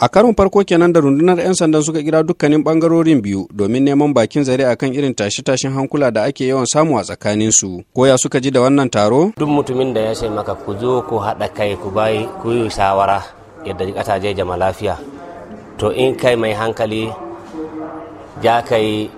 A karon farko kenan da rundunar 'yan sandan suka kira dukkanin bangarorin biyu domin neman bakin zare akan irin tashe-tashen hankula da ake yawan samu a tsakanin su. Koya suka ji da wannan taro? Duk mutumin da ya sai maka ku zo ku haɗa kai ku bayi ku yi shawara yadda ƙasa je jama lafiya. To in kai mai hankali ja kai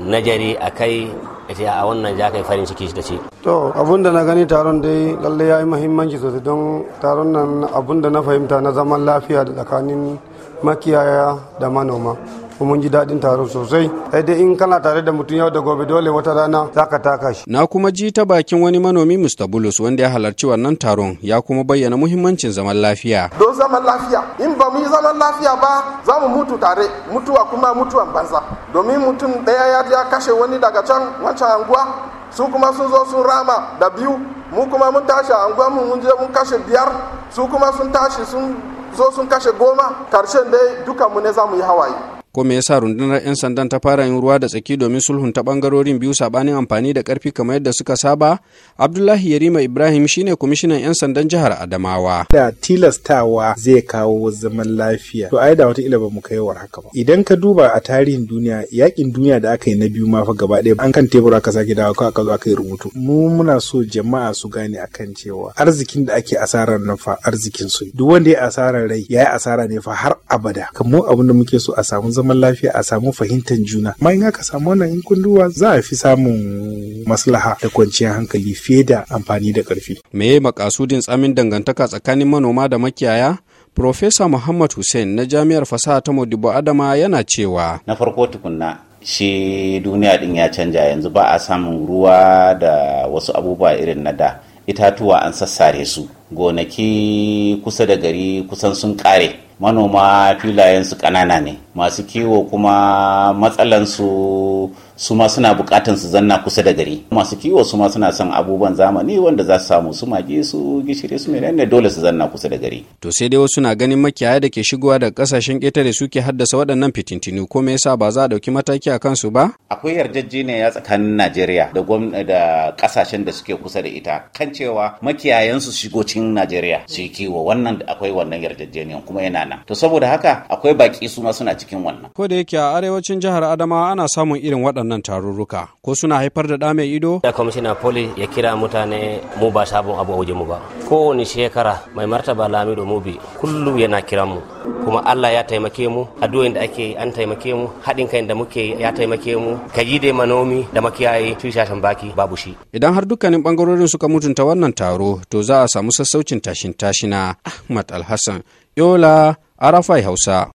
najari a kai ya ce a wannan ja kai farin ciki da ce. To abun da na gani taron dai lalle ya yi mahimmanci sosai don taron nan abun da na fahimta na zaman lafiya da tsakanin makiyaya da manoma. kuma mun ji daɗin taron sosai sai dai in kana tare da mutum yau da gobe dole wata rana zaka taka shi na kuma ji ta bakin wani manomi Mr Bulus wanda ya halarci wannan taron ya kuma bayyana muhimmancin zaman lafiya don zaman lafiya in ba mu yi zaman lafiya ba za mu mutu tare mutuwa kuma mutuwan banza domin mutum daya ya kashe wani daga can wancan anguwa su kuma sun zo sun rama da biyu mu kuma mun tashi a mu mun je mun kashe biyar su kuma sun tashi sun zo sun kashe goma karshen dai dukanmu ne za mu yi hawaye ko me yasa rundunar 'yan sandan ta fara yin ruwa da tsaki domin sulhun ta bangarorin biyu sabanin amfani da karfi kamar yadda suka saba abdullahi yarima ibrahim shine kwamishinan 'yan sandan jihar adamawa da tilastawa zai kawo zaman lafiya to ai da wata ba mu kai war haka ba idan ka duba a tarihin duniya yakin duniya da aka yi na biyu ma fa gaba ɗaya an kan tebur ka sake dawo ka aka zo aka yi rubutu mu muna so jama'a su gane a kan cewa arzikin da ake asarar nan fa arzikin su duk wanda ya asarar rai ya yi asara ne fa har abada kamar abin muke so a samu zaman lafiya a samu fahimtar juna amma in aka samu wannan in kun duba za a fi samun maslaha da kwanciyar hankali fiye da amfani da ƙarfi. me makasudin tsamin dangantaka tsakanin manoma da makiyaya Profesa Muhammad Hussein na Jami'ar Fasaha ta Modibo Adama yana cewa. Na farko tukunna shi duniya din ya canja yanzu ba a samun ruwa da wasu abubuwa irin na da. Itatuwa an sassare su, gonaki kusa da gari kusan sun kare. manoma filayensu ƙanana ne masu kiwo kuma matsalansu su ma suna bukatan su zanna kusa da gari masu kiwo su ma suna son abubuwan zamani wanda za su samu su mage su gishiri su menene dole su zanna kusa da gari to sai dai wasu na ganin makiyaya da ke shigowa daga kasashen ƙetare suke haddasa waɗannan fitintinu ko me yasa ba za a ɗauki mataki a kansu ba akwai yarjejeniya tsakanin Najeriya da da kasashen da suke kusa da ita kan cewa makiyayan su shigo cikin Najeriya su kiwo wannan akwai wannan yarjejeniyan kuma yana nan to saboda haka akwai baki su ma suna cikin wannan ko da yake a arewacin jihar Adamawa ana samun irin waɗannan waɗannan tarurruka ko suna haifar da ɗa mai ido? da kwamishina poli ya kira mutane mu ba sabon abu a waje mu ba kowane shekara mai martaba lamido mubi kullum yana kiran mu kuma allah ya taimake mu addu'o'in da ake an taimake mu haɗin kai da muke ya taimake mu kaji dai manomi da makiyaye tushashen baki babu shi. idan har dukkanin bangarorin suka mutunta wannan taro to za a samu sassaucin tashin tashina ahmad alhassan yola arafai hausa